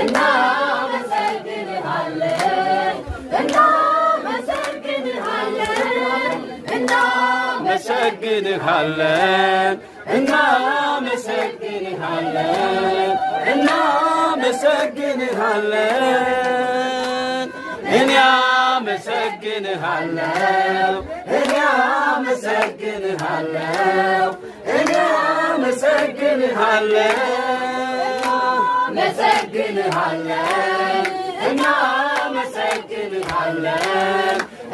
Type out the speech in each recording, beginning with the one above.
እናመሰግንሃለን እናመሰግንሃለን እናመሰግንሃለን እኔ አመሰግንሃለው እኔ አመሰግንሃለው እኔ አመሰግንሃለው እናመሰግንሃለን እናመሰግንሃለን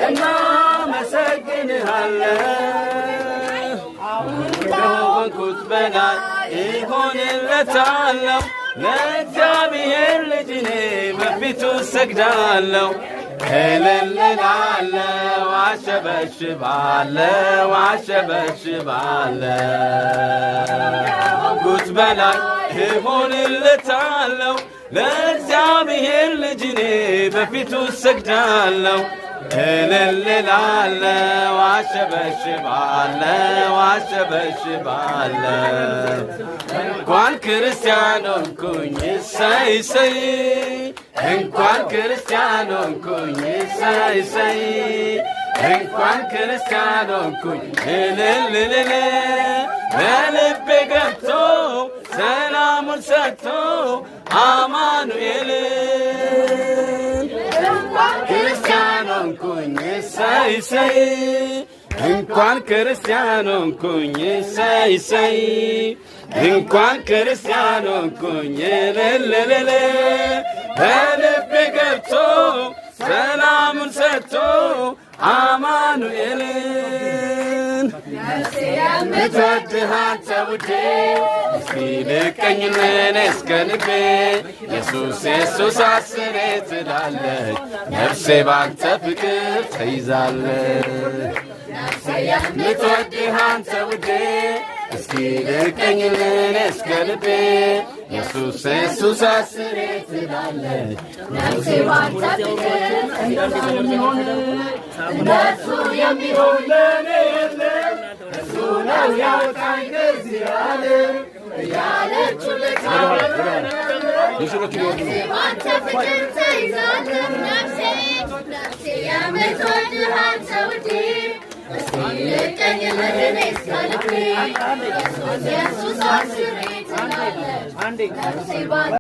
እናመሰግንሃለን ከሆንኩት በላይ ለእግዚአብሔር ልጅኔ በፊቱ ሰግዳለሁ እልልላለሁ አሸበሽባለሁ አሸበሽባለሁ ከሆንኩት በላይ እሆንለታለሁ ለእግዚአብሔር ልጅኔ በፊቱ ሰግዳለሁ። እልልላለሁ፣ አሸበሽባለሁ፣ አሸበሽባለሁ እንኳን ክርስቲያን ሆንኩኝ እሰይ እሰይ እንኳን ክርስቲያን ሆንኩኝ እሰይ እሰይ እንኳን ክርስቲያን ሆንኩኝ እልልልል ለልቤ ገብቶ ክብሩን ሰጥቶ አማኑኤል ክርስቲያን ሆንኩኝ እሰይ እንኳን ክርስቲያን ሆንኩኝ እሰይ እንኳን ክርስቲያን ሆንኩኝ ልልልል በልቤ ገብቶ ሰላሙን ሰጥቶ አማኑኤል ልትወድሃት ሰውቴ እስቲ ልቀኝምን እስከ ልቤ ኢየሱስ ኢየሱስ አስሬ ትላለች ነፍሴ ባንተ ፍቅር ተይዛለች ልትወድሃት ሰውቴ እስኪ ደቀኝልን እስከ ልቤ የሱስ የሱስ አስሬ ትላለች ነፍሴ የሚሆን ለኔ የለም እሱ ነው ያወጣኝ ከዚህ ዓለም እያለች ባንተ ፍቅር ተይዛለም ነፍሴ ነፍሴ የምትወድህ አንተ ውዴ கருணை